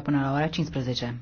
până la ora 15.